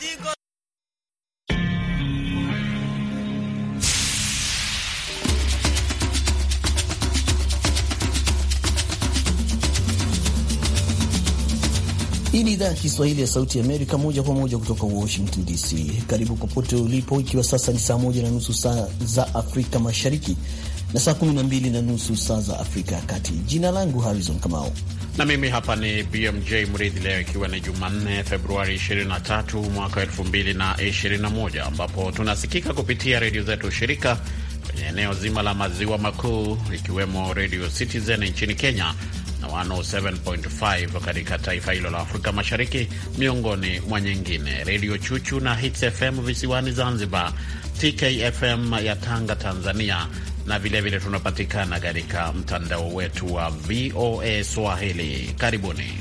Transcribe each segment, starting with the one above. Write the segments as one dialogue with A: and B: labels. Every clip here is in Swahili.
A: Hii
B: ni idhaa ya Kiswahili ya Sauti ya Amerika, moja kwa moja kutoka Washington DC. Karibu popote ulipo, ikiwa sasa ni saa moja na nusu saa za Afrika Mashariki na saa 12 na nusu saa za Afrika ya Kati. Jina langu Harrison Kamau
A: na mimi hapa ni BMJ Mridhi. Leo ikiwa ni Jumanne, Februari 23 mwaka 2021, ambapo tunasikika kupitia redio zetu shirika kwenye eneo zima la maziwa makuu, ikiwemo Radio Citizen nchini Kenya na 107.5 katika taifa hilo la Afrika Mashariki, miongoni mwa nyingine, Redio Chuchu na Hits FM visiwani Zanzibar, TKFM ya Tanga, Tanzania, na vilevile tunapatikana katika mtandao wetu wa VOA Swahili. Karibuni.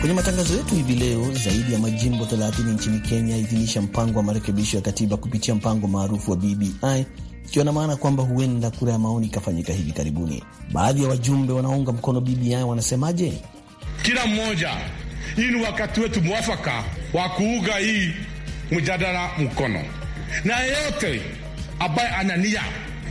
B: Kwenye matangazo yetu hivi leo, zaidi ya majimbo 30 nchini Kenya idhinisha mpango wa marekebisho ya katiba kupitia mpango maarufu wa BBI ikiwa na maana kwamba huenda kura ya maoni ikafanyika hivi karibuni. Baadhi ya wajumbe wanaounga mkono BBI wanasemaje?
A: Kila mmoja, hii ni wakati wetu mwafaka wa kuuga hii mjadala mkono, na yeyote ambaye ana nia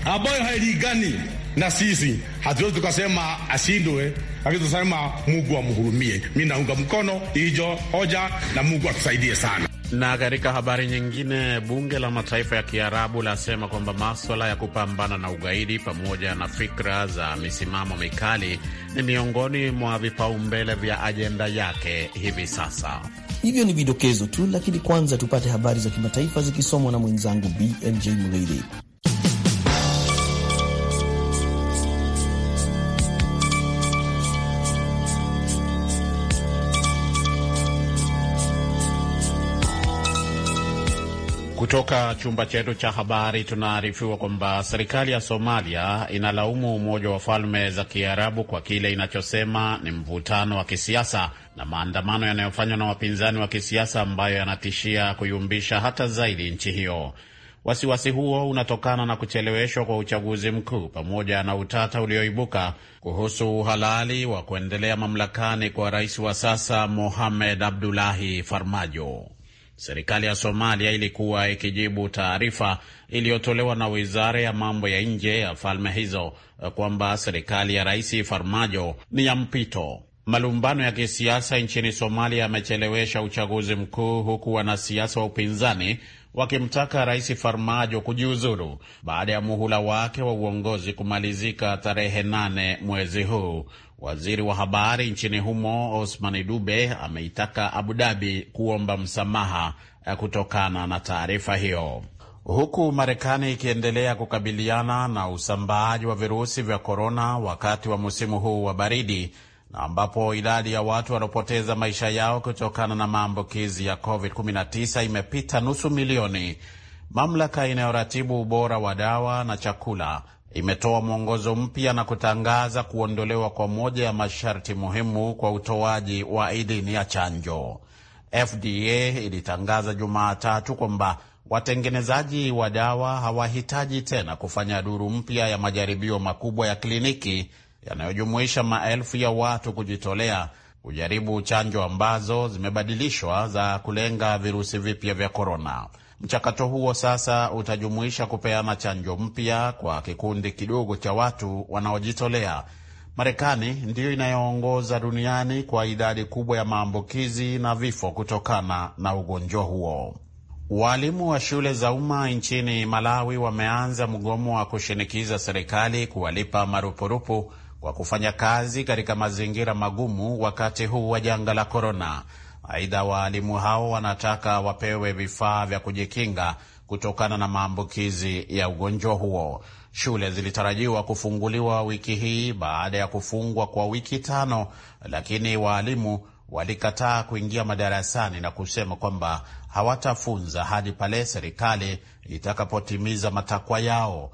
A: ambayo hailigani na sisi, hatuwezi tukasema ashindwe, lakini tunasema Mungu amhurumie. Mi naunga mkono hiyo hoja na Mungu atusaidie sana. Na katika habari nyingine, bunge la mataifa ya Kiarabu lasema kwamba maswala ya kupambana na ugaidi pamoja na fikra za misimamo mikali ni miongoni mwa vipaumbele vya ajenda yake hivi sasa.
B: Hivyo ni vidokezo tu, lakini kwanza tupate habari za kimataifa zikisomwa na mwenzangu BMJ Mridhi.
A: Kutoka chumba chetu cha habari tunaarifiwa kwamba serikali ya Somalia inalaumu Umoja wa Falme za Kiarabu kwa kile inachosema ni mvutano wa kisiasa na maandamano yanayofanywa na wapinzani wa kisiasa ambayo yanatishia kuyumbisha hata zaidi nchi hiyo. Wasiwasi huo unatokana na kucheleweshwa kwa uchaguzi mkuu pamoja na utata ulioibuka kuhusu uhalali wa kuendelea mamlakani kwa rais wa sasa Mohamed Abdullahi Farmajo. Serikali ya Somalia ilikuwa ikijibu taarifa iliyotolewa na wizara ya mambo ya nje ya falme hizo eh, kwamba serikali ya Rais Farmajo ni ya mpito. Malumbano ya kisiasa nchini Somalia yamechelewesha uchaguzi mkuu huku wanasiasa wa upinzani wakimtaka Rais Farmajo kujiuzuru baada ya muhula wake wa uongozi kumalizika tarehe nane mwezi huu Waziri wa habari nchini humo Osmani Dube ameitaka Abu Dhabi kuomba msamaha eh, kutokana na taarifa hiyo. Huku Marekani ikiendelea kukabiliana na usambaaji wa virusi vya korona wakati wa msimu huu wa baridi na ambapo idadi ya watu wanaopoteza maisha yao kutokana na maambukizi ya COVID-19 imepita nusu milioni, mamlaka inayoratibu ubora wa dawa na chakula imetoa mwongozo mpya na kutangaza kuondolewa kwa moja ya masharti muhimu kwa utoaji wa idhini ya chanjo. FDA ilitangaza Jumatatu kwamba watengenezaji wa dawa hawahitaji tena kufanya duru mpya ya majaribio makubwa ya kliniki yanayojumuisha maelfu ya watu kujitolea kujaribu chanjo ambazo zimebadilishwa za kulenga virusi vipya vya korona. Mchakato huo sasa utajumuisha kupeana chanjo mpya kwa kikundi kidogo cha watu wanaojitolea. Marekani ndiyo inayoongoza duniani kwa idadi kubwa ya maambukizi na vifo kutokana na ugonjwa huo. Waalimu wa shule za umma nchini Malawi wameanza mgomo wa kushinikiza serikali kuwalipa marupurupu kwa kufanya kazi katika mazingira magumu wakati huu wa janga la korona. Aidha, waalimu hao wanataka wapewe vifaa vya kujikinga kutokana na maambukizi ya ugonjwa huo. Shule zilitarajiwa kufunguliwa wiki hii baada ya kufungwa kwa wiki tano, lakini waalimu walikataa kuingia madarasani na kusema kwamba hawatafunza hadi pale serikali itakapotimiza matakwa yao.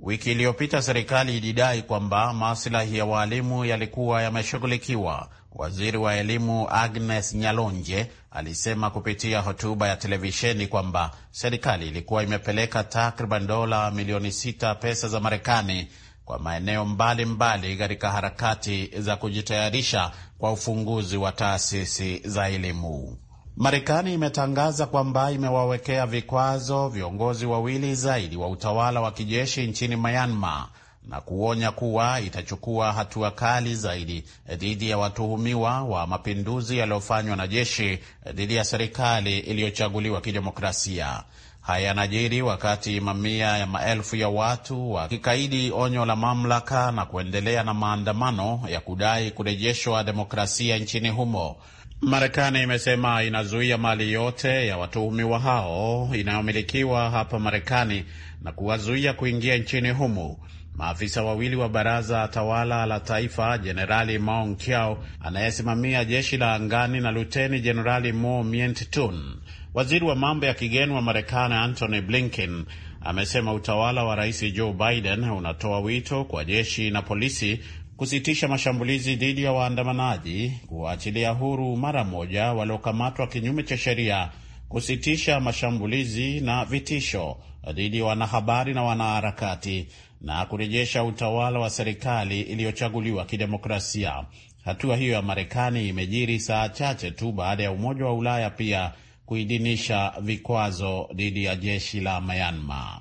A: Wiki iliyopita serikali ilidai kwamba maslahi ya waalimu yalikuwa yameshughulikiwa. Waziri wa elimu Agnes Nyalonje alisema kupitia hotuba ya televisheni kwamba serikali ilikuwa imepeleka takriban dola milioni sita pesa za Marekani kwa maeneo mbalimbali katika harakati za kujitayarisha kwa ufunguzi wa taasisi za elimu. Marekani imetangaza kwamba imewawekea vikwazo viongozi wawili zaidi wa utawala wa kijeshi nchini Myanmar na kuonya kuwa itachukua hatua kali zaidi dhidi ya watuhumiwa wa mapinduzi yaliyofanywa na jeshi dhidi ya serikali iliyochaguliwa kidemokrasia. Haya yanajiri wakati mamia ya maelfu ya watu wakikaidi onyo la mamlaka na kuendelea na maandamano ya kudai kurejeshwa demokrasia nchini humo. Marekani imesema inazuia mali yote ya watuhumiwa hao inayomilikiwa hapa Marekani na kuwazuia kuingia nchini humo. Maafisa wawili wa baraza tawala la taifa, Jenerali Maung Kiao anayesimamia jeshi la angani na Luteni Jenerali Mo Mient Tun. Waziri wa mambo ya kigeni wa Marekani Antony Blinken amesema utawala wa Rais Joe Biden unatoa wito kwa jeshi na polisi kusitisha mashambulizi dhidi ya waandamanaji, kuwaachilia huru mara moja waliokamatwa kinyume cha sheria, kusitisha mashambulizi na vitisho dhidi ya wanahabari na wanaharakati na kurejesha utawala wa serikali iliyochaguliwa kidemokrasia. Hatua hiyo ya Marekani imejiri saa chache tu baada ya Umoja wa Ulaya pia kuidhinisha vikwazo dhidi ya jeshi la Myanmar.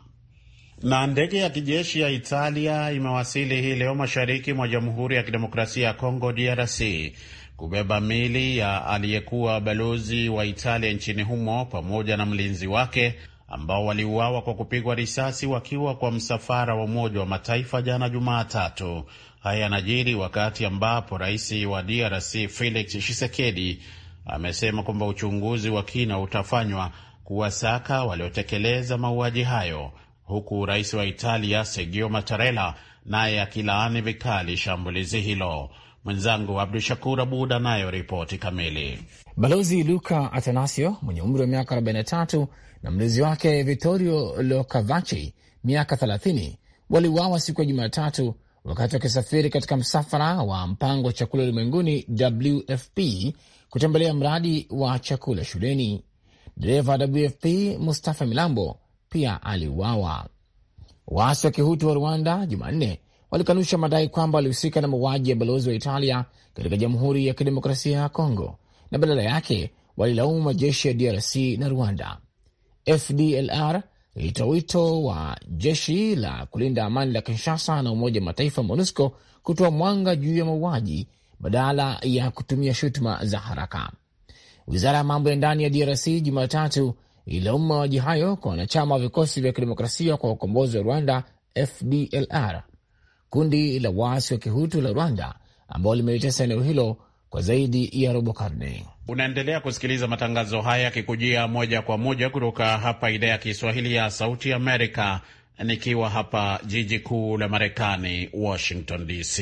A: Na ndege ya kijeshi ya Italia imewasili hii leo mashariki mwa Jamhuri ya Kidemokrasia ya Kongo, DRC, kubeba mili ya aliyekuwa balozi wa Italia nchini humo pamoja na mlinzi wake ambao waliuawa kwa kupigwa risasi wakiwa kwa msafara wa Umoja wa Mataifa jana Jumatatu. Haya yanajiri wakati ambapo rais wa DRC Felix Tshisekedi amesema kwamba uchunguzi wa kina utafanywa kuwasaka waliotekeleza mauaji hayo, huku rais wa Italia Sergio Mattarella naye akilaani vikali shambulizi hilo. Mwenzangu Abdu Shakur Abud anayo ripoti kamili.
C: Balozi Luka Atanasio mwenye umri wa miaka 43 na mlezi wake Vittorio locavaci miaka 30 waliuawa siku ya Jumatatu wakati wakisafiri katika msafara wa mpango wa chakula ulimwenguni WFP kutembelea mradi wa chakula shuleni. Dereva wa WFP Mustafa Milambo pia aliuawa. Waasi wa kihutu wa Rwanda Jumanne walikanusha madai kwamba walihusika na mauaji ya balozi wa Italia katika Jamhuri ya Kidemokrasia ya Kongo na badala yake walilaumu majeshi ya DRC na Rwanda. FDLR lilitoa wito wa jeshi la kulinda amani la Kinshasa na Umoja Mataifa MONUSCO kutoa mwanga juu ya mauaji badala ya kutumia shutuma za haraka. Wizara ya mambo ya ndani ya DRC Jumatatu ililaumu mauaji hayo kwa wanachama wa vikosi vya kidemokrasia kwa ukombozi wa Rwanda, FDLR, kundi la waasi wa kihutu la Rwanda ambao limelitesa eneo hilo kwa zaidi ya robo karne.
A: Unaendelea kusikiliza matangazo haya yakikujia moja kwa moja kutoka hapa idhaa ya Kiswahili ya Sauti Amerika, nikiwa hapa jiji kuu la Marekani, Washington DC.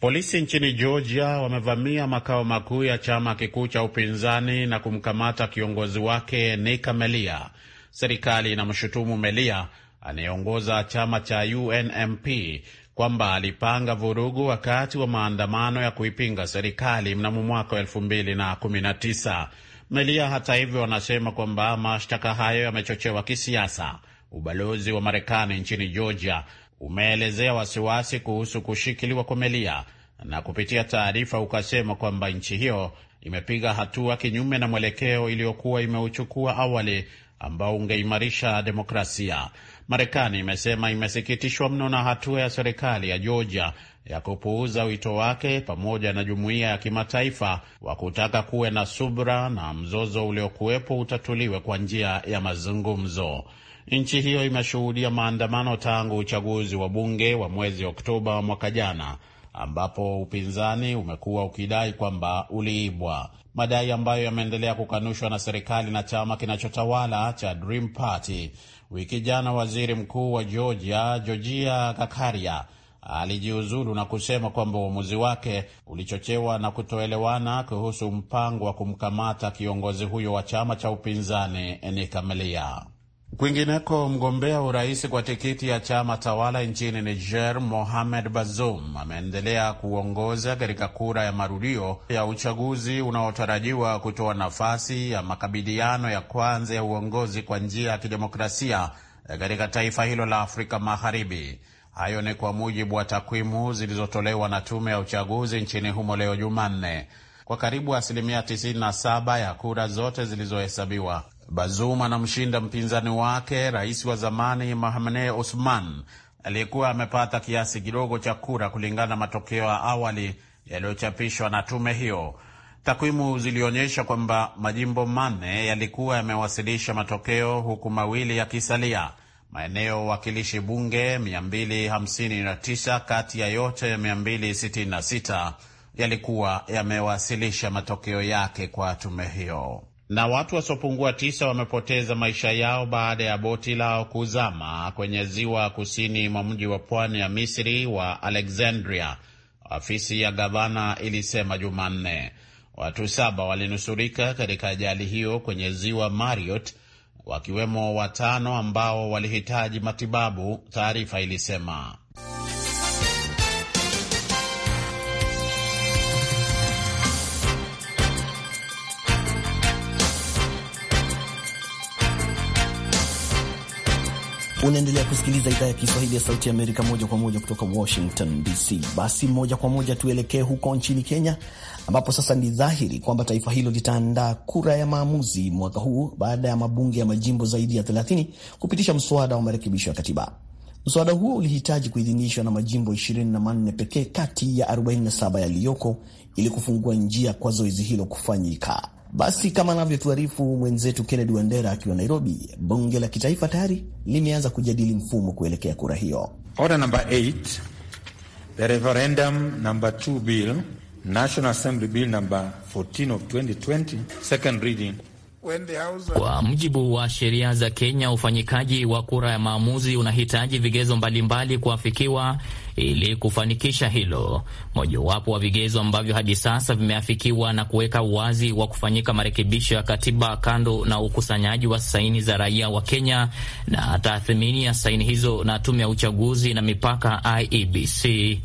A: Polisi nchini Georgia wamevamia makao makuu ya chama kikuu cha upinzani na kumkamata kiongozi wake Nika Melia. Serikali inamshutumu Melia anayeongoza chama cha UNMP kwamba alipanga vurugu wakati wa maandamano ya kuipinga serikali mnamo mwaka wa 2019. Melia hata hivyo wanasema kwamba mashtaka hayo yamechochewa kisiasa. Ubalozi wa Marekani nchini Georgia umeelezea wasiwasi kuhusu kushikiliwa kwa Melia na kupitia taarifa ukasema kwamba nchi hiyo imepiga hatua kinyume na mwelekeo iliyokuwa imeuchukua awali ambao ungeimarisha demokrasia. Marekani imesema imesikitishwa mno na hatua ya serikali ya Georgia ya kupuuza wito wake pamoja na jumuiya ya kimataifa wa kutaka kuwe na subra na mzozo uliokuwepo utatuliwe kwa njia ya mazungumzo. Nchi hiyo imeshuhudia maandamano tangu uchaguzi wa bunge wa mwezi Oktoba mwaka jana ambapo upinzani umekuwa ukidai kwamba uliibwa, madai ambayo yameendelea kukanushwa na serikali na chama kinachotawala cha Dream Party. Wiki jana waziri mkuu wa Georgia, Georgia Kakaria, alijiuzulu na kusema kwamba uamuzi wake ulichochewa na kutoelewana kuhusu mpango wa kumkamata kiongozi huyo wa chama cha upinzani Nikamelia. Kwingineko, mgombea urais kwa tikiti ya chama tawala nchini Niger, Mohamed Bazoum ameendelea kuongoza katika kura ya marudio ya uchaguzi unaotarajiwa kutoa nafasi ya makabidiano ya kwanza ya uongozi kwa njia ya kidemokrasia katika taifa hilo la Afrika Magharibi. Hayo ni kwa mujibu wa takwimu zilizotolewa na tume ya uchaguzi nchini humo leo Jumanne. Kwa karibu asilimia 97 ya kura zote zilizohesabiwa Bazuma anamshinda mpinzani wake rais wa zamani Mahamane Osman aliyekuwa amepata kiasi kidogo cha kura kulingana na matokeo ya awali yaliyochapishwa na tume hiyo. Takwimu zilionyesha kwamba majimbo manne yalikuwa yamewasilisha matokeo huku mawili yakisalia. Maeneo wakilishi bunge 259 kati ya yote 266 yalikuwa yamewasilisha matokeo yake kwa tume hiyo na watu wasiopungua tisa wamepoteza maisha yao baada ya boti lao kuzama kwenye ziwa kusini mwa mji wa pwani ya Misri wa Alexandria, afisi ya gavana ilisema Jumanne. Watu saba walinusurika katika ajali hiyo kwenye ziwa Mariot, wakiwemo watano ambao walihitaji matibabu, taarifa ilisema.
B: Unaendelea kusikiliza idhaa ya Kiswahili ya Sauti ya Amerika moja kwa moja kutoka Washington DC. Basi moja kwa moja tuelekee huko nchini Kenya, ambapo sasa ni dhahiri kwamba taifa hilo litaandaa kura ya maamuzi mwaka huu baada ya mabunge ya majimbo zaidi ya 30 kupitisha mswada wa marekebisho ya katiba. Mswada huo ulihitaji kuidhinishwa na majimbo 24 pekee kati ya 47 yaliyoko ili kufungua njia kwa zoezi hilo kufanyika. Basi kama anavyotuarifu mwenzetu Kennedy Wandera akiwa Nairobi, bunge la kitaifa tayari limeanza kujadili mfumo kuelekea kura hiyo.
D: Order number 8 the referendum number 2 bill National Assembly bill number 14 of 2020 second reading
A: kwa
E: mujibu wa sheria za Kenya, ufanyikaji wa kura ya maamuzi unahitaji vigezo mbalimbali kuafikiwa ili kufanikisha hilo, mojawapo wa vigezo ambavyo hadi sasa vimeafikiwa na kuweka uwazi wa kufanyika marekebisho ya katiba, kando na ukusanyaji wa saini za raia wa Kenya na tathmini ya saini hizo na tume ya uchaguzi na mipaka IEBC,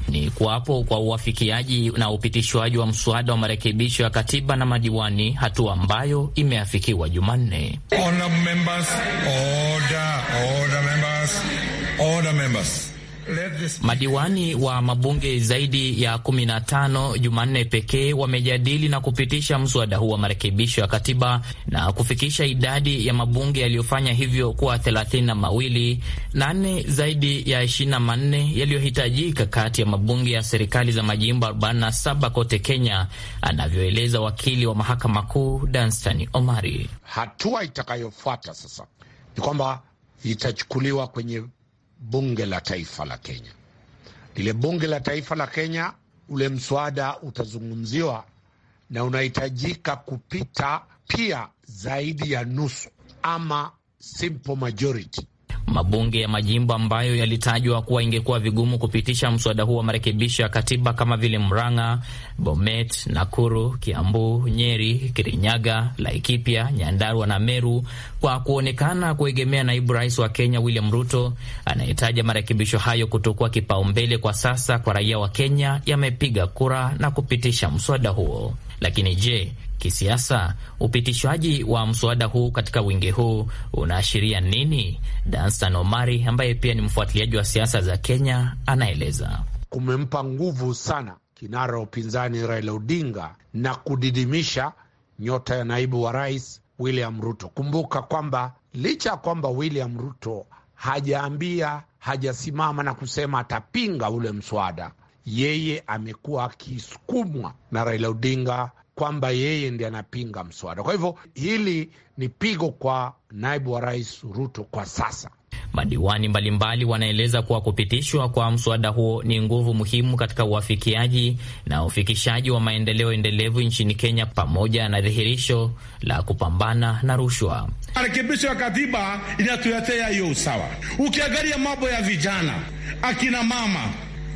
E: ni kuwapo kwa uafikiaji na upitishwaji wa mswada wa marekebisho ya katiba na madiwani, hatua ambayo imeafikiwa Jumanne.
C: Order members,
E: order, order members, order members. Madiwani wa mabunge zaidi ya tano Jumanne pekee wamejadili na kupitisha mswada huu wa marekebisho ya katiba na kufikisha idadi ya mabunge yaliyofanya hivyo kuwa thelathini na mawili, nane zaidi ya ishirini na manne yaliyohitajika kati ya mabunge ya serikali za majimbo 47 kote Kenya, anavyoeleza wakili wa mahakama kuu Danstan Omari.
C: Hatua itakayofuata sasa
A: ni kwamba itachukuliwa kwenye bunge la taifa la Kenya. Lile bunge la taifa la Kenya, ule mswada utazungumziwa na unahitajika kupita pia zaidi ya nusu ama simple majority
E: Mabunge ya majimbo ambayo yalitajwa kuwa ingekuwa vigumu kupitisha mswada huo wa marekebisho ya katiba kama vile Murang'a, Bomet, Nakuru, Kiambu, Nyeri, Kirinyaga, Laikipia, Nyandarua na Meru, kwa kuonekana kuegemea naibu rais wa Kenya William Ruto anayetaja marekebisho hayo kutokuwa kipaumbele kwa sasa kwa raia wa Kenya, yamepiga kura na kupitisha mswada huo. Lakini je, Kisiasa, upitishwaji wa mswada huu katika wingi huu unaashiria nini? Danstan Omari ambaye pia ni mfuatiliaji wa siasa za Kenya anaeleza.
A: Kumempa nguvu sana kinara wa upinzani Raila Odinga na kudidimisha nyota ya naibu wa rais William Ruto. Kumbuka kwamba licha ya kwamba William Ruto hajaambia, hajasimama na kusema atapinga ule mswada, yeye amekuwa akisukumwa na Raila Odinga
C: kwamba yeye ndi anapinga mswada. Kwa hivyo hili ni pigo kwa naibu wa rais Ruto kwa sasa.
E: Madiwani mbalimbali wanaeleza kuwa kupitishwa kwa mswada huo ni nguvu muhimu katika uafikiaji na ufikishaji wa maendeleo endelevu nchini Kenya, pamoja na dhihirisho la kupambana na rushwa.
D: Marekebisho ya katiba
A: inatuletea hiyo usawa. Ukiangalia mambo ya vijana, akina mama,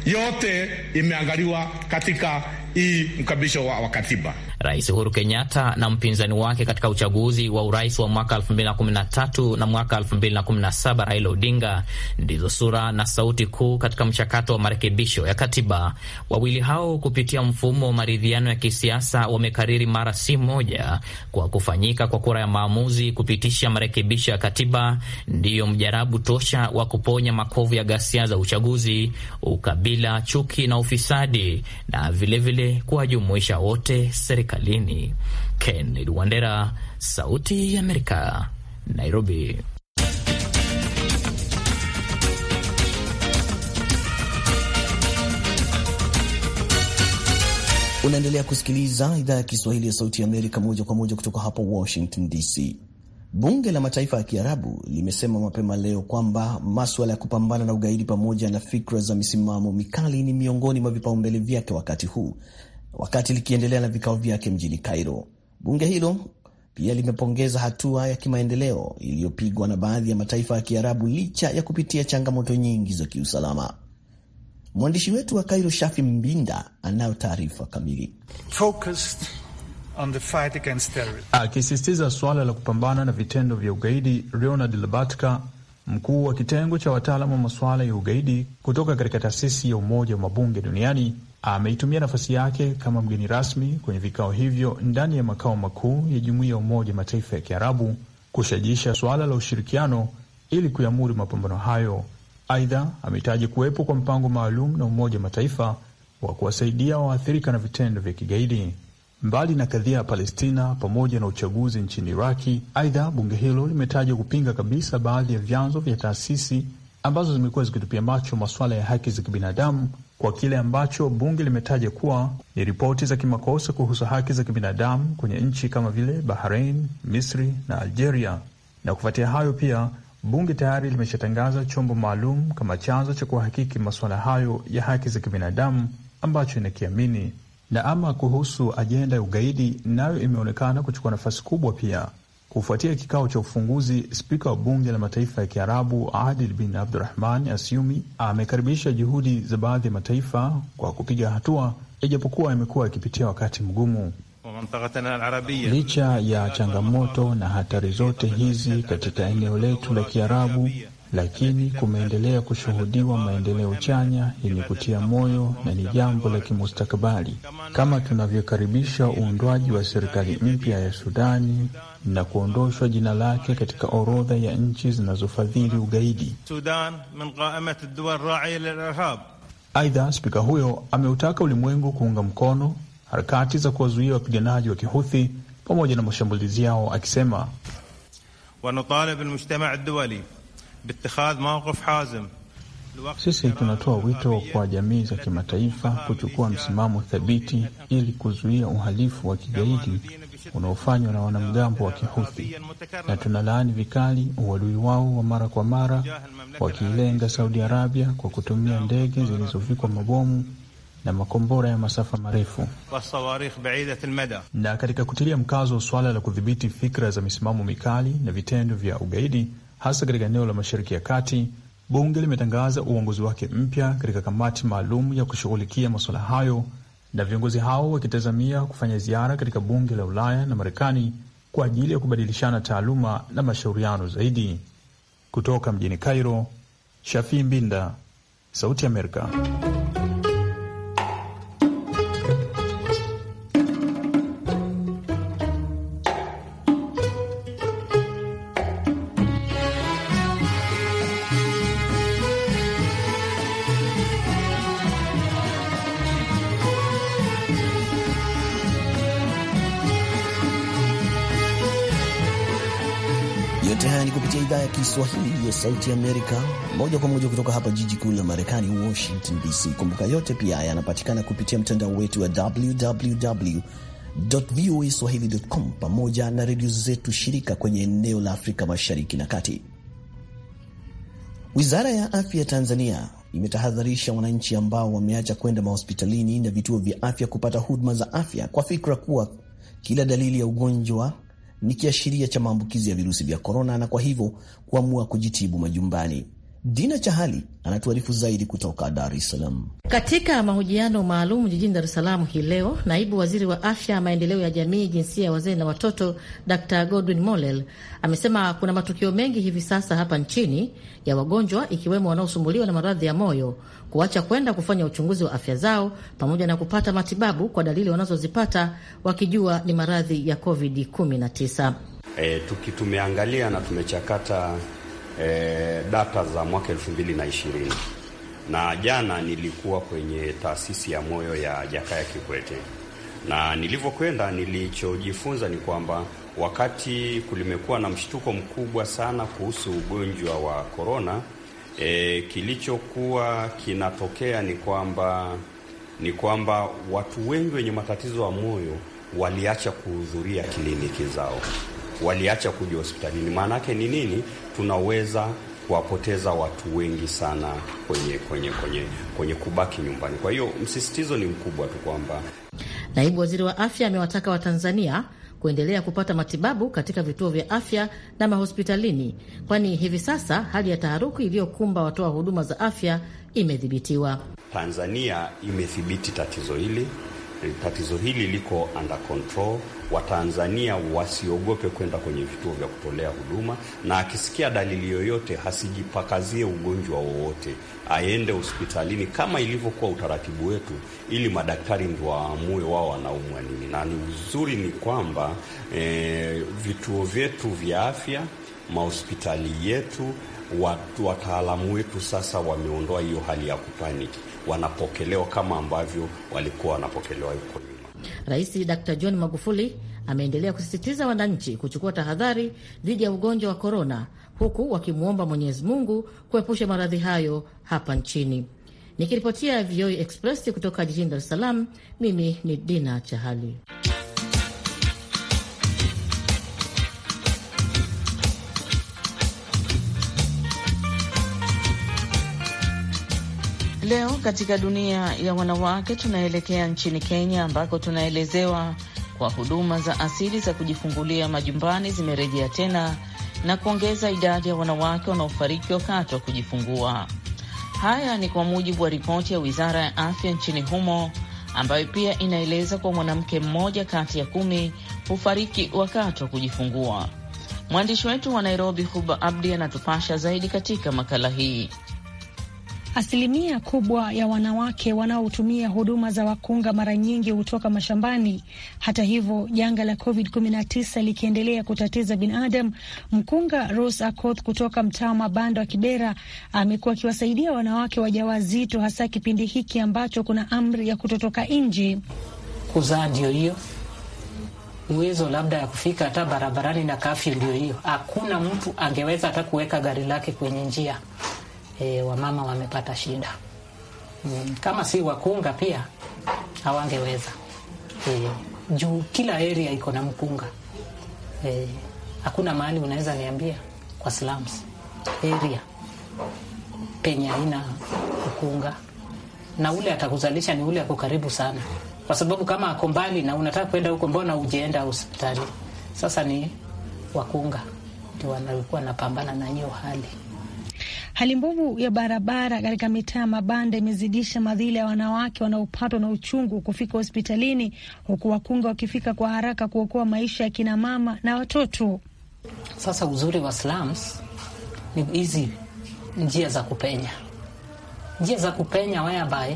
A: yote imeangaliwa katika hii mkabisho wa katiba. Rais
E: Uhuru Kenyatta na mpinzani wake katika uchaguzi wa urais wa mwaka 2013 na mwaka 2017 Raila Odinga ndizo sura na sauti kuu katika mchakato wa marekebisho ya katiba. Wawili hao kupitia mfumo wa maridhiano ya kisiasa wamekariri mara si moja kwa kufanyika kwa kura ya maamuzi kupitisha marekebisho ya katiba ndiyo mjarabu tosha wa kuponya makovu ya ghasia za uchaguzi, ukabila, chuki na ufisadi na vilevile kuwajumuisha wote serikali serikalini. Kennedy Wandera, Sauti ya Amerika, Nairobi.
B: Unaendelea kusikiliza idhaa ya Kiswahili ya Sauti ya Amerika moja kwa moja kutoka hapa Washington DC. Bunge la Mataifa ya Kiarabu limesema mapema leo kwamba maswala ya kupambana na ugaidi pamoja na fikra za misimamo mikali ni miongoni mwa vipaumbele vyake wakati huu, wakati likiendelea na vikao vyake mjini Cairo. Bunge hilo pia limepongeza hatua ya kimaendeleo iliyopigwa na baadhi ya mataifa ya Kiarabu licha ya kupitia changamoto nyingi za kiusalama. Mwandishi wetu wa Cairo, Shafi Mbinda, anayo taarifa kamili.
D: Akisisitiza suala la kupambana na vitendo vya ugaidi, Leonard Lebatka, mkuu wa kitengo cha wataalamu wa masuala ya ugaidi kutoka katika taasisi ya Umoja wa Mabunge Duniani, ameitumia nafasi yake kama mgeni rasmi kwenye vikao hivyo ndani ya makao makuu ya Jumuiya ya Umoja Mataifa ya Kiarabu kushajiisha suala la ushirikiano ili kuyamuri mapambano hayo. Aidha, ametaja kuwepo kwa mpango maalum na Umoja Mataifa wa kuwasaidia waathirika na vitendo vya kigaidi mbali na kadhia ya Palestina pamoja na uchaguzi nchini Iraki. Aidha, bunge hilo limetaja kupinga kabisa baadhi ya vyanzo vya taasisi ambazo zimekuwa zikitupia macho masuala ya haki za kibinadamu kwa kile ambacho bunge limetaja kuwa ni ripoti za kimakosa kuhusu haki za kibinadamu kwenye nchi kama vile Bahrain, Misri na Algeria. Na kufuatia hayo pia bunge tayari limeshatangaza chombo maalum kama chanzo cha kuhakiki masuala hayo ya haki za kibinadamu ambacho inakiamini. Na ama kuhusu ajenda ya ugaidi, nayo imeonekana kuchukua nafasi kubwa pia Kufuatia kikao cha ufunguzi, spika wa bunge la mataifa ya Kiarabu Adil bin Abdurahman Asyumi amekaribisha juhudi za baadhi ya mataifa kwa kupiga hatua, ijapokuwa yamekuwa yakipitia wakati mgumu. Licha ya changamoto na hatari zote hizi katika eneo letu la Kiarabu, lakini kumeendelea kushuhudiwa maendeleo chanya yenye kutia moyo na ni jambo la kimustakabali, kama tunavyokaribisha uundwaji wa serikali mpya ya Sudani na kuondoshwa jina lake katika orodha ya nchi zinazofadhili ugaidi. Aidha, spika huyo ameutaka ulimwengu kuunga mkono harakati za kuwazuia wapiganaji wa Kihuthi pamoja na mashambulizi yao, akisema sisi tunatoa wito kwa jamii za kimataifa kuchukua msimamo thabiti ili kuzuia uhalifu wa kigaidi unaofanywa na wanamgambo wa Kihuthi, na tunalaani vikali uadui wao wa mara kwa mara wakiilenga Saudi Arabia kwa kutumia ndege zilizovikwa mabomu na makombora ya masafa marefu. Na katika kutilia mkazo suala la kudhibiti fikra za misimamo mikali na vitendo vya ugaidi hasa katika eneo la Mashariki ya Kati. Bunge limetangaza uongozi wake mpya katika kamati maalum ya kushughulikia masuala hayo, na viongozi hao wakitazamia kufanya ziara katika bunge la Ulaya na Marekani kwa ajili ya kubadilishana taaluma na mashauriano zaidi. Kutoka mjini Cairo, Shafii Mbinda, Sauti Amerika.
B: Kiswahili ya Sauti Amerika, moja kwa moja kutoka hapa jiji kuu la Marekani, Washington DC. Kumbuka yote pia yanapatikana kupitia mtandao wetu wa www voa pamoja na redio zetu shirika kwenye eneo la Afrika Mashariki na Kati. Wizara ya Afya ya Tanzania imetahadharisha wananchi ambao wameacha kwenda mahospitalini na vituo vya afya kupata huduma za afya kwa fikra kuwa kila dalili ya ugonjwa ni kiashiria cha maambukizi ya virusi vya korona, na kwa hivyo kuamua kujitibu majumbani. Dina Chahali anatuarifu zaidi kutoka Dar es Salaam.
F: Katika mahojiano maalum jijini Dar es Salaam hii leo, naibu waziri wa afya, maendeleo ya jamii, jinsia ya wazee na watoto, Dr Godwin Mollel amesema kuna matukio mengi hivi sasa hapa nchini ya wagonjwa, ikiwemo wanaosumbuliwa na maradhi ya moyo kuacha kwenda kufanya uchunguzi wa afya zao pamoja na kupata matibabu kwa dalili wanazozipata wakijua ni maradhi ya COVID-19.
G: E, tuki tumeangalia na tumechakata e, data za mwaka elfu mbili na ishirini na jana nilikuwa kwenye taasisi ya moyo ya Jakaya Kikwete na nilivyokwenda, nilichojifunza ni kwamba wakati kulimekuwa na mshtuko mkubwa sana kuhusu ugonjwa wa korona, e, eh, kilichokuwa kinatokea ni kwamba ni kwamba watu wengi wenye matatizo ya moyo waliacha kuhudhuria kliniki zao, waliacha kuja hospitalini. Maana yake ni nini? tunaweza kuwapoteza watu wengi sana kwenye, kwenye, kwenye, kwenye kubaki nyumbani. Kwa hiyo msisitizo ni mkubwa tu kwamba
F: naibu waziri wa afya amewataka Watanzania kuendelea kupata matibabu katika vituo vya afya na mahospitalini, kwani hivi sasa hali ya taharuki iliyokumba watoa huduma za afya imedhibitiwa.
G: Tanzania imethibiti tatizo hili Eh, tatizo hili liko under control. Watanzania wasiogope kwenda kwenye vituo vya kutolea huduma, na akisikia dalili yoyote hasijipakazie ugonjwa wowote, aende hospitalini kama ilivyokuwa utaratibu wetu, ili madaktari ndio waamue wao wanaumwa nini. Na ni uzuri ni kwamba eh, vituo vyetu vya afya mahospitali yetu watu wataalamu wetu sasa wameondoa hiyo hali ya kupaniki, wanapokelewa kama ambavyo walikuwa wanapokelewa huko nyuma.
F: Rais Dr. John Magufuli ameendelea kusisitiza wananchi kuchukua tahadhari dhidi ya ugonjwa wa korona, huku wakimwomba Mwenyezi Mungu kuepusha maradhi hayo hapa nchini. Nikiripotia VOA e Express kutoka jijini Dar es Salaam, mimi ni Dina Chahali. Leo katika dunia ya wanawake tunaelekea nchini Kenya ambako tunaelezewa
B: kwa huduma
F: za asili za kujifungulia majumbani zimerejea tena na kuongeza idadi ya wanawake wanaofariki wakati wa kujifungua. Haya ni kwa mujibu wa ripoti ya Wizara ya Afya nchini humo ambayo pia inaeleza kuwa mwanamke mmoja kati ya kumi hufariki wakati wa kujifungua. Mwandishi wetu wa Nairobi, Huba Abdi, anatupasha zaidi katika makala hii.
H: Asilimia kubwa ya wanawake wanaotumia huduma za wakunga mara nyingi hutoka mashambani. Hata hivyo, janga la COVID-19 likiendelea kutatiza binadamu, mkunga Rose Akoth kutoka mtaa wa mabanda wa Kibera amekuwa akiwasaidia wanawake wajawazito, hasa kipindi hiki ambacho kuna amri ya kutotoka nje.
I: Kuzaa ndio hiyo uwezo labda ya kufika hata barabarani na kafyu ndio hiyo. Hakuna mtu angeweza hata kuweka gari lake kwenye njia e, wamama wamepata shida mm. Kama si wakunga pia hawangeweza e, juu kila area iko na mkunga e, hakuna mahali unaweza niambia kwa slums area penye haina mkunga, na ule atakuzalisha ni ule ako karibu sana, kwa sababu kama ako mbali na unataka kwenda huko, mbona ujienda hospitali? Sasa ni wakunga ndio wanakuwa napambana na hiyo
J: hali.
H: Hali mbovu ya barabara katika mitaa ya mabanda imezidisha madhila ya wanawake wanaopatwa na uchungu kufika hospitalini, huku wakunga wakifika kwa haraka kuokoa maisha ya kina mama na watoto.
I: Sasa uzuri wa slums ni hizi njia za kupenya, njia za kupenya whereby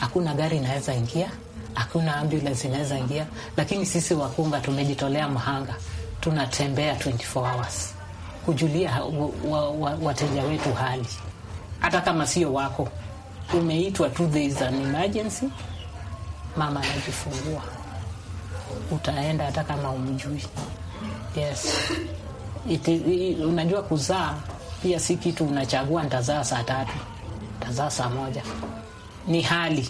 I: hakuna gari inaweza ingia, hakuna ambulance inaweza ingia, lakini sisi wakunga tumejitolea mhanga, tunatembea 24 hours kujulia wateja wetu hali, hata kama sio wako. Umeitwa tu, there is an emergency, mama anajifungua, utaenda hata kama umjui. Yes, it, it, unajua kuzaa pia si kitu unachagua, ntazaa saa tatu, ntazaa saa moja, ni hali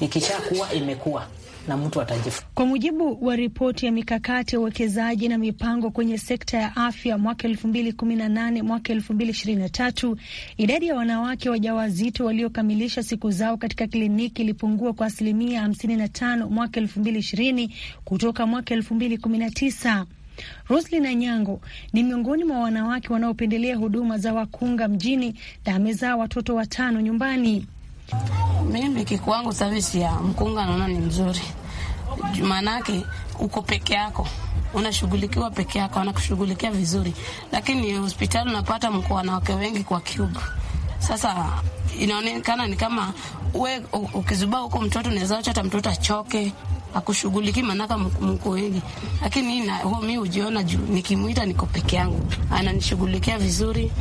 I: ikishakuwa imekuwa na mtu atajifu.
H: Kwa mujibu wa ripoti ya mikakati ya uwekezaji na mipango kwenye sekta ya afya mwaka elfu mbili kumi na nane mwaka elfu mbili ishirini na tatu idadi ya wanawake wajawazito waliokamilisha siku zao katika kliniki ilipungua kwa asilimia hamsini na tano mwaka elfu mbili ishirini kutoka mwaka elfu mbili kumi na tisa. Roslin Anyango ni miongoni mwa wanawake wanaopendelea huduma za wakunga mjini na amezaa watoto watano nyumbani. Mimi kikwangu savisi ya mkunga naona ni mzuri maanake uko peke
J: yako unashughulikiwa peke yako, wanakushughulikia vizuri, lakini hospitali unapata mko wanawake wengi kwa cube. Sasa inaonekana ni kama we ukizubaa huko mtoto unaweza acha hata mtoto achoke akushughuliki manaka mko wengi.
H: Lakini mi hujiona juu nikimwita niko peke yangu, ananishughulikia vizuri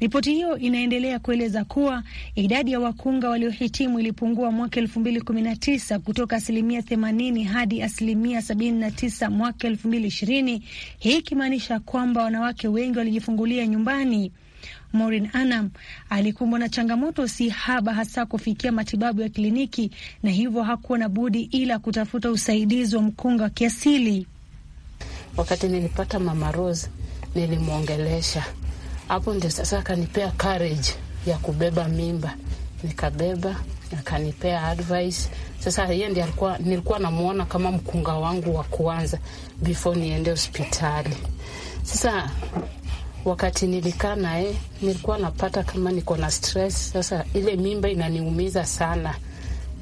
H: Ripoti hiyo inaendelea kueleza kuwa idadi ya wakunga waliohitimu ilipungua mwaka elfu mbili kumi na tisa kutoka asilimia themanini hadi asilimia sabini na tisa mwaka elfu mbili ishirini hii ikimaanisha kwamba wanawake wengi walijifungulia nyumbani. Maureen Anam alikumbwa na changamoto si haba, hasa kufikia matibabu ya kliniki, na hivyo hakuwa na budi ila kutafuta usaidizi wa mkunga wa kiasili.
J: Wakati nilipata Mama Rose nilimwongelesha hapo ndio sasa akanipea courage ya kubeba mimba, nikabeba akanipea advice. Sasa yeye ndiye alikuwa, nilikuwa namuona kama mkunga wangu wa kwanza before niende hospitali. Sasa wakati nilikaa naye, nilikuwa napata kama niko na stress. Sasa ile mimba inaniumiza sana,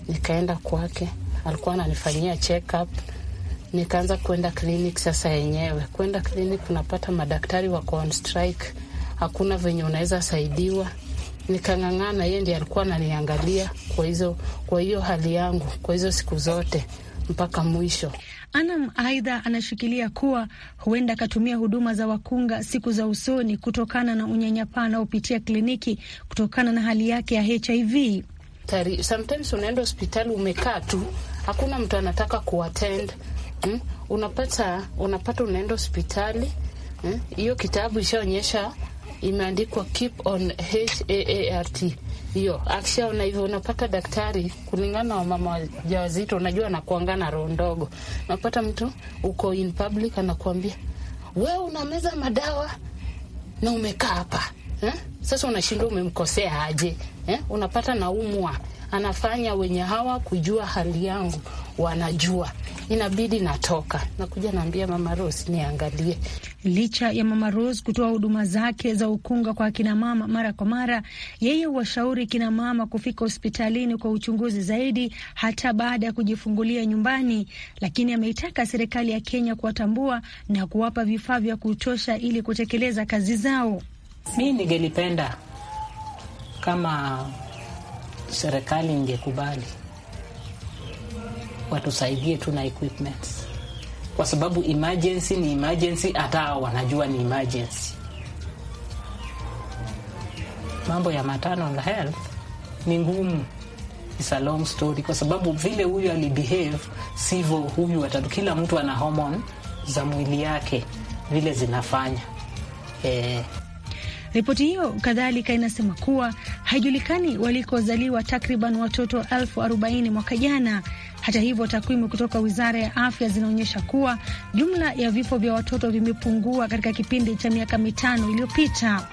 J: nikaenda kwake, alikuwa ananifanyia check up nikaanza kwenda klinik sasa yenyewe. Kwenda klinik unapata madaktari wako on strike hakuna venye unaweza saidiwa. Nikang'ang'ana, yeye ndiye alikuwa ananiangalia kwa hizo, kwa hiyo hali yangu kwa hizo siku zote mpaka mwisho.
H: Anam aidha anashikilia kuwa huenda akatumia huduma za wakunga siku za usoni kutokana na unyanyapaa anaopitia kliniki kutokana na hali yake ya HIV.
J: Sometimes unaenda hospitali umekaa tu, hakuna mtu anataka kuattend hmm? Unapata unapata unaenda hospitali hmm? hiyo hmm? Kitabu ishaonyesha imeandikwa keep on HAART hiyo akishaona na hivyo unapata daktari kulingana na mama wajawazito, unajua anakuangana roho ndogo. Unapata mtu uko in public anakuambia we unameza madawa na umekaa hapa eh? Sasa unashindwa umemkosea aje eh? Unapata naumwa anafanya wenye hawa kujua hali yangu wanajua inabidi natoka
H: nakuja naambia Mama Rose niangalie. Licha ya Mama Rose kutoa huduma zake za ukunga kwa akinamama mara kwa mara, yeye huwashauri kinamama kufika hospitalini kwa uchunguzi zaidi hata baada ya kujifungulia nyumbani. Lakini ameitaka serikali ya Kenya kuwatambua na kuwapa vifaa vya kutosha ili kutekeleza kazi zao. Mi
I: ningelipenda kama serikali ingekubali watusaidie tu na equipment, kwa sababu emergency ni emergency, hata wanajua ni emergency. Mambo ya maternal health ni ngumu, is a long story, kwa sababu vile huyu alibehave sivyo huyu watatu. Kila mtu ana hormone za mwili yake vile zinafanya eh.
H: Ripoti hiyo kadhalika inasema kuwa haijulikani walikozaliwa takriban watoto elfu arobaini mwaka jana. Hata hivyo, takwimu kutoka wizara ya afya zinaonyesha kuwa jumla ya vifo vya watoto vimepungua katika kipindi cha miaka mitano iliyopita.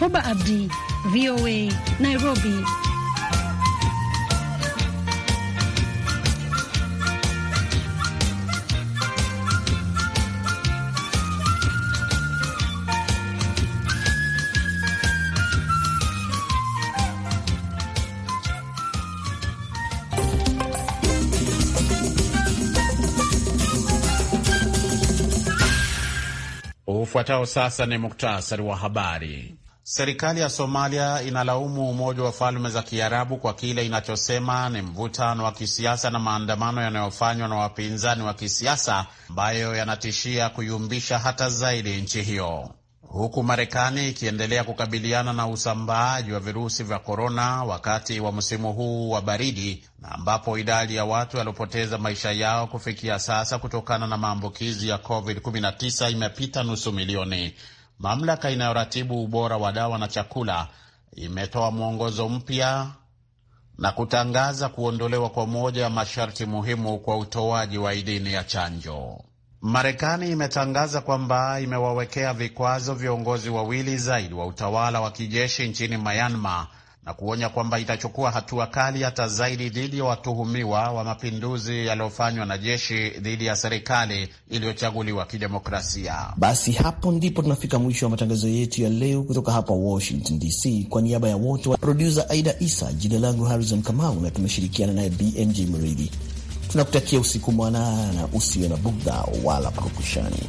H: Hoba Abdi, VOA, Nairobi.
A: Ufuatao sasa ni muktasari wa habari. Serikali ya Somalia inalaumu Umoja wa Falme za Kiarabu kwa kile inachosema ni mvutano wa kisiasa na maandamano yanayofanywa na wapinzani wa kisiasa ambayo yanatishia kuyumbisha hata zaidi nchi hiyo huku Marekani ikiendelea kukabiliana na usambaaji wa virusi vya korona wakati wa msimu huu wa baridi na ambapo idadi ya watu waliopoteza maisha yao kufikia sasa kutokana na maambukizi ya COVID-19 imepita nusu milioni. Mamlaka inayoratibu ubora wa dawa na chakula imetoa mwongozo mpya na kutangaza kuondolewa kwa moja ya masharti muhimu kwa utoaji wa idhini ya chanjo. Marekani imetangaza kwamba imewawekea vikwazo viongozi wawili zaidi wa utawala wa kijeshi nchini Myanmar na kuonya kwamba itachukua hatua kali hata zaidi dhidi ya watuhumiwa wa mapinduzi yaliyofanywa na jeshi dhidi ya serikali iliyochaguliwa kidemokrasia.
B: Basi hapo ndipo tunafika mwisho wa matangazo yetu ya leo kutoka hapa Washington DC. Kwa niaba ya wote wa produsa Aida Isa, jina langu Harrison Kamau na tumeshirikiana naye BMJ Mridhi. Tunakutakia usiku mwanana, usiwe na bugdha wala purukushani.